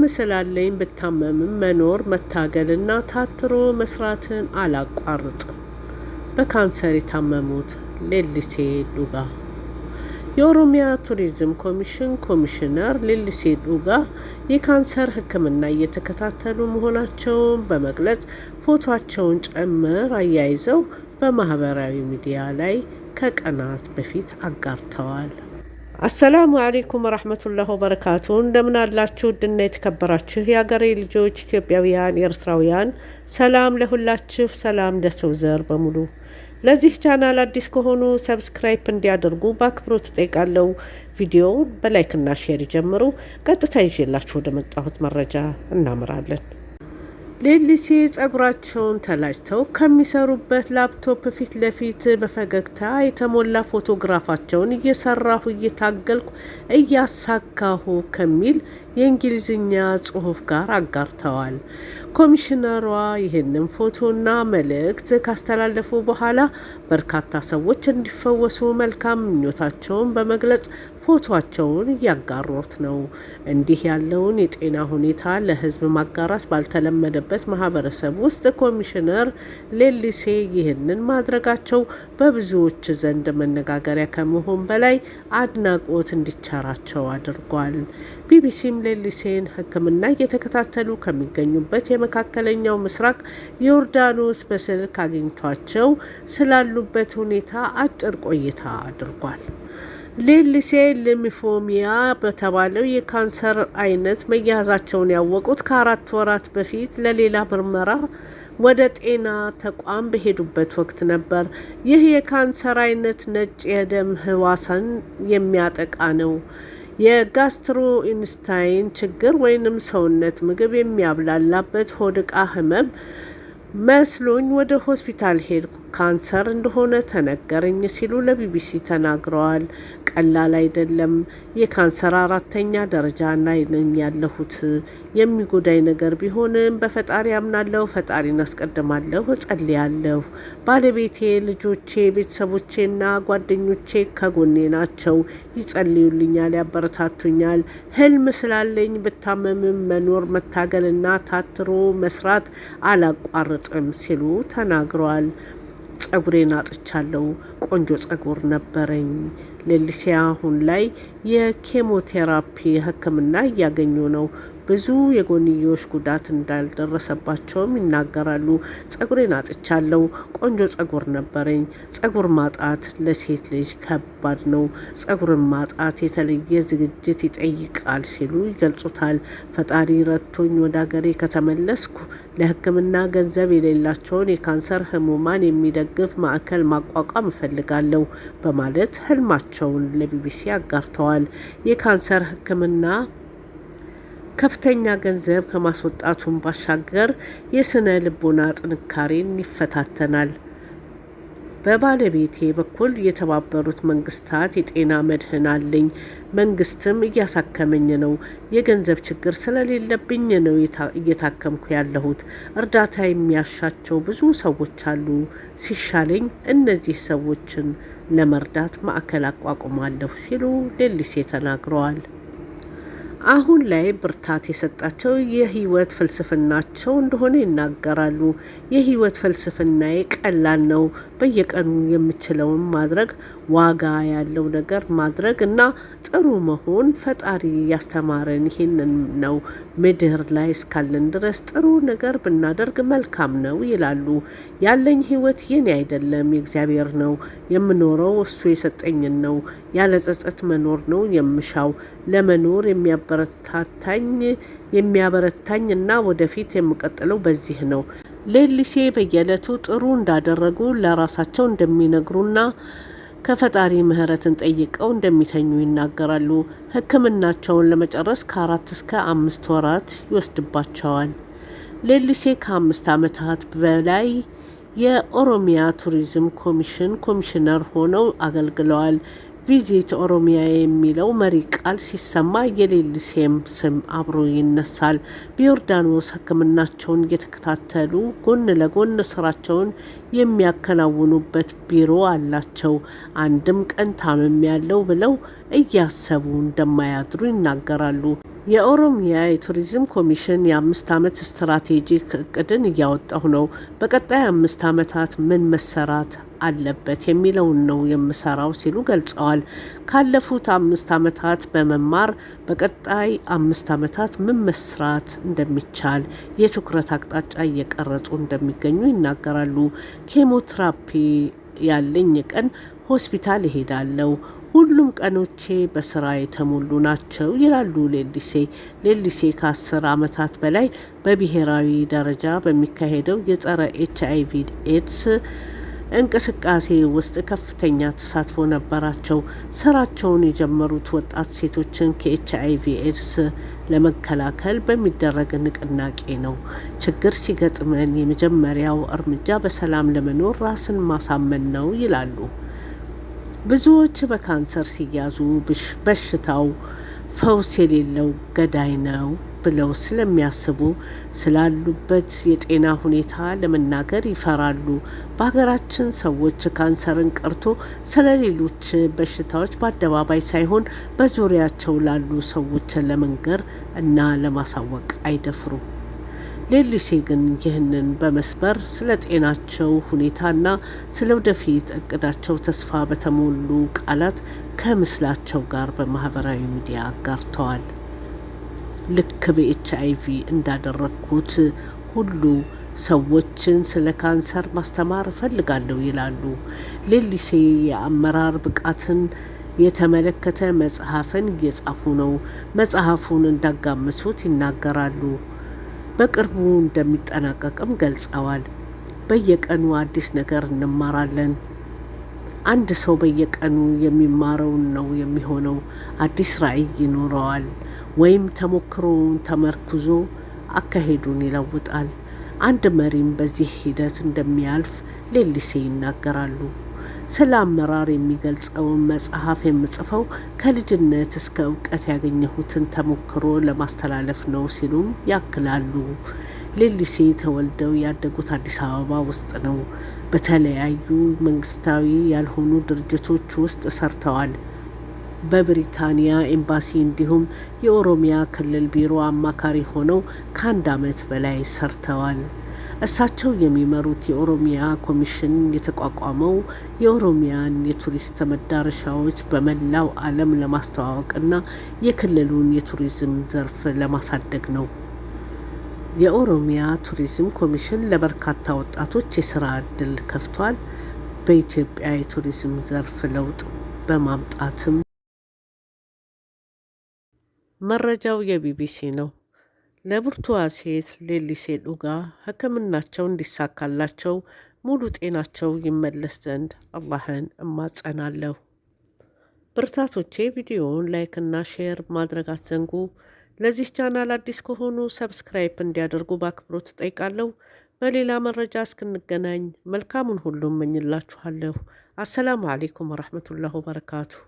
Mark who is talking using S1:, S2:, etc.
S1: ህልም ስላለኝ ብታመምም መኖር መታገልና ታትሮ መስራትን አላቋርጥም። በካንሰር የታመሙት ሌሊሴ ዱጋ። የኦሮሚያ ቱሪዝም ኮሚሽን ኮሚሽነር ሌሊሴ ዱጋ የካንሰር ሕክምና እየተከታተሉ መሆናቸውን በመግለጽ ፎቶቸውን ጭምር አያይዘው በማህበራዊ ሚዲያ ላይ ከቀናት በፊት አጋርተዋል። አሰላሙ አሌይኩም ወረህመቱላህ ወበረካቱ እንደምን አላችሁ? ውድና የተከበራችሁ የአገሬ ልጆች ኢትዮጵያውያን፣ ኤርትራውያን ሰላም ለሁላችሁ፣ ሰላም ለሰው ዘር በሙሉ። ለዚህ ቻናል አዲስ ከሆኑ ሰብስክራይብ እንዲያደርጉ በአክብሮት እጠይቃለሁ። ቪዲዮውን በላይክና ሼር ይጀምሩ። ቀጥታ ይዤላችሁ ወደ መጣሁት መረጃ እናምራለን። ሌሊሴ ጸጉራቸውን ተላጭተው ከሚሰሩበት ላፕቶፕ ፊት ለፊት በፈገግታ የተሞላ ፎቶግራፋቸውን እየሰራሁ እየታገልኩ እያሳካሁ ከሚል የእንግሊዝኛ ጽሑፍ ጋር አጋርተዋል። ኮሚሽነሯ ይህንን ፎቶና መልእክት ካስተላለፉ በኋላ በርካታ ሰዎች እንዲፈወሱ መልካም ምኞታቸውን በመግለጽ ፎቶቸውን እያጋሩት ነው። እንዲህ ያለውን የጤና ሁኔታ ለህዝብ ማጋራት ባልተለመደበት ማህበረሰብ ውስጥ ኮሚሽነር ሌሊሴ ይህንን ማድረጋቸው በብዙዎች ዘንድ መነጋገሪያ ከመሆን በላይ አድናቆት እንዲቸራቸው አድርጓል። ቢቢሲም ሌሊሴን ሕክምና እየተከታተሉ ከሚገኙበት የመካከለኛው ምስራቅ ዮርዳኖስ በስልክ አግኝቷቸው ስላሉበት ሁኔታ አጭር ቆይታ አድርጓል። ሊምፎሚያ በተባለው የካንሰር አይነት መያዛቸውን ያወቁት ከአራት ወራት በፊት ለሌላ ምርመራ ወደ ጤና ተቋም በሄዱበት ወቅት ነበር። ይህ የካንሰር አይነት ነጭ የደም ህዋሳን የሚያጠቃ ነው። የጋስትሮ ኢንስታይን ችግር ወይንም ሰውነት ምግብ የሚያብላላበት ሆድቃ ህመም መስሎኝ ወደ ሆስፒታል ሄድኩ። ካንሰር እንደሆነ ተነገረኝ ሲሉ ለቢቢሲ ተናግረዋል። ቀላል አይደለም። የካንሰር አራተኛ ደረጃ ላይ ነኝ ያለሁት። የሚጎዳኝ ነገር ቢሆንም በፈጣሪ አምናለሁ፣ ፈጣሪን አስቀድማለሁ፣ እጸልያለሁ። ባለቤቴ፣ ልጆቼ፣ ቤተሰቦቼና ጓደኞቼ ከጎኔ ናቸው። ይጸልዩልኛል፣ ያበረታቱኛል። ህልም ስላለኝ ብታመምም መኖር መታገልና ታትሮ መስራት አላቋርጥም ሲሉ ተናግረዋል። ጸጉሬን አጥቻለሁ። ቆንጆ ጸጉር ነበረኝ። ሌሊሴ አሁን ላይ የኬሞቴራፒ ሕክምና እያገኙ ነው። ብዙ የጎንዮሽ ጉዳት እንዳልደረሰባቸውም ይናገራሉ። ጸጉሬን አጥቻለሁ። ቆንጆ ጸጉር ነበረኝ። ጸጉር ማጣት ለሴት ልጅ ከባድ ነው። ጸጉርን ማጣት የተለየ ዝግጅት ይጠይቃል ሲሉ ይገልጹታል። ፈጣሪ ረቶኝ ወደ ገሬ ከተመለስኩ ለሕክምና ገንዘብ የሌላቸውን የካንሰር ህሙማን የሚደግፍ ማዕከል ማቋቋም እፈልጋለሁ በማለት ህልማቸውን ለቢቢሲ አጋርተዋል። የካንሰር ሕክምና ከፍተኛ ገንዘብ ከማስወጣቱን ባሻገር የስነ ልቦና ጥንካሬን ይፈታተናል። በባለቤቴ በኩል የተባበሩት መንግስታት የጤና መድህን አለኝ። መንግስትም እያሳከመኝ ነው። የገንዘብ ችግር ስለሌለብኝ ነው እየታከምኩ ያለሁት። እርዳታ የሚያሻቸው ብዙ ሰዎች አሉ። ሲሻለኝ እነዚህ ሰዎችን ለመርዳት ማዕከል አቋቁማለሁ ሲሉ ሌሊሴ ተናግረዋል። አሁን ላይ ብርታት የሰጣቸው የህይወት ፍልስፍናቸው እንደሆነ ይናገራሉ። የህይወት ፍልስፍናዬ ቀላል ነው፣ በየቀኑ የምችለውን ማድረግ ዋጋ ያለው ነገር ማድረግ እና ጥሩ መሆን ፈጣሪ ያስተማረን ይሄንን ነው። ምድር ላይ እስካለን ድረስ ጥሩ ነገር ብናደርግ መልካም ነው ይላሉ። ያለኝ ህይወት የኔ አይደለም የእግዚአብሔር ነው። የምኖረው እሱ የሰጠኝን ነው። ያለ ጸጸት መኖር ነው የምሻው። ለመኖር የሚያበረታታኝ የሚያበረታኝ እና ወደፊት የምቀጥለው በዚህ ነው። ሌሊሴ በየዕለቱ ጥሩ እንዳደረጉ ለራሳቸው እንደሚነግሩና ከፈጣሪ ምሕረትን ጠይቀው እንደሚተኙ ይናገራሉ። ሕክምናቸውን ለመጨረስ ከአራት እስከ አምስት ወራት ይወስድባቸዋል። ሌሊሴ ከአምስት ዓመታት በላይ የኦሮሚያ ቱሪዝም ኮሚሽን ኮሚሽነር ሆነው አገልግለዋል። ቪዚት ኦሮሚያ የሚለው መሪ ቃል ሲሰማ የሌሊሴም ስም አብሮ ይነሳል። በዮርዳኖስ ሕክምናቸውን እየተከታተሉ ጎን ለጎን ስራቸውን የሚያከናውኑበት ቢሮ አላቸው። አንድም ቀን ታመም ያለው ብለው እያሰቡ እንደማያድሩ ይናገራሉ። የኦሮሚያ የቱሪዝም ኮሚሽን የአምስት ዓመት ስትራቴጂክ እቅድን እያወጣሁ ነው። በቀጣይ አምስት ዓመታት ምን መሰራት አለበት የሚለውን ነው የምሰራው ሲሉ ገልጸዋል። ካለፉት አምስት ዓመታት በመማር በቀጣይ አምስት ዓመታት ምን መስራት እንደሚቻል የትኩረት አቅጣጫ እየቀረጹ እንደሚገኙ ይናገራሉ። ኬሞትራፒ ያለኝ ቀን ሆስፒታል እሄዳለሁ ሁሉም ቀኖቼ በስራ የተሞሉ ናቸው ይላሉ ሌሊሴ። ሌሊሴ ከአስር አመታት በላይ በብሔራዊ ደረጃ በሚካሄደው የጸረ ኤች አይ ቪ ኤድስ እንቅስቃሴ ውስጥ ከፍተኛ ተሳትፎ ነበራቸው። ስራቸውን የጀመሩት ወጣት ሴቶችን ከኤች አይ ቪ ኤድስ ለመከላከል በሚደረግ ንቅናቄ ነው። ችግር ሲገጥመን የመጀመሪያው እርምጃ በሰላም ለመኖር ራስን ማሳመን ነው ይላሉ። ብዙዎች በካንሰር ሲያዙ በሽታው ፈውስ የሌለው ገዳይ ነው ብለው ስለሚያስቡ ስላሉበት የጤና ሁኔታ ለመናገር ይፈራሉ። በሀገራችን ሰዎች ካንሰርን ቀርቶ ስለሌሎች በሽታዎች በአደባባይ ሳይሆን በዙሪያቸው ላሉ ሰዎች ለመንገር እና ለማሳወቅ አይደፍሩም። ሌሊሴ ግን ይህንን በመስበር ስለ ጤናቸው ሁኔታና ስለ ወደፊት እቅዳቸው ተስፋ በተሞሉ ቃላት ከምስላቸው ጋር በማህበራዊ ሚዲያ አጋርተዋል። ልክ በኤች አይ ቪ እንዳደረግኩት ሁሉ ሰዎችን ስለ ካንሰር ማስተማር እፈልጋለሁ ይላሉ። ሌሊሴ የአመራር ብቃትን የተመለከተ መጽሐፍን እየጻፉ ነው። መጽሐፉን እንዳጋመሱት ይናገራሉ። በቅርቡ እንደሚጠናቀቅም ገልጸዋል። በየቀኑ አዲስ ነገር እንማራለን። አንድ ሰው በየቀኑ የሚማረውን ነው የሚሆነው። አዲስ ራዕይ ይኖረዋል ወይም ተሞክሮውን ተመርኩዞ አካሄዱን ይለውጣል። አንድ መሪም በዚህ ሂደት እንደሚያልፍ ሌሊሴ ይናገራሉ። ስለ አመራር የሚገልጸውን መጽሐፍ የምጽፈው ከልጅነት እስከ እውቀት ያገኘሁትን ተሞክሮ ለማስተላለፍ ነው ሲሉም ያክላሉ። ሌሊሴ ተወልደው ያደጉት አዲስ አበባ ውስጥ ነው። በተለያዩ መንግስታዊ ያልሆኑ ድርጅቶች ውስጥ ሰርተዋል። በብሪታንያ ኤምባሲ እንዲሁም የኦሮሚያ ክልል ቢሮ አማካሪ ሆነው ከአንድ ዓመት በላይ ሰርተዋል። እሳቸው የሚመሩት የኦሮሚያ ኮሚሽን የተቋቋመው የኦሮሚያን የቱሪስት መዳረሻዎች በመላው ዓለም ለማስተዋወቅና የክልሉን የቱሪዝም ዘርፍ ለማሳደግ ነው። የኦሮሚያ ቱሪዝም ኮሚሽን ለበርካታ ወጣቶች የስራ እድል ከፍቷል። በኢትዮጵያ የቱሪዝም ዘርፍ ለውጥ በማምጣትም መረጃው የቢቢሲ ነው። ለብርቱዋ ሴት ሌሊሴ ዱጋ ሕክምናቸው እንዲሳካላቸው ሙሉ ጤናቸው ይመለስ ዘንድ አላህን እማጸናለሁ። ብርታቶቼ ቪዲዮውን ላይክና ሼር ማድረግ አትዘንጉ። ለዚህ ቻናል አዲስ ከሆኑ ሰብስክራይብ እንዲያደርጉ በአክብሮት እጠይቃለሁ። በሌላ መረጃ እስክንገናኝ መልካሙን ሁሉ እመኝላችኋለሁ። አሰላሙ አሌይኩም ወረሕመቱላሁ ወበረካቱሁ።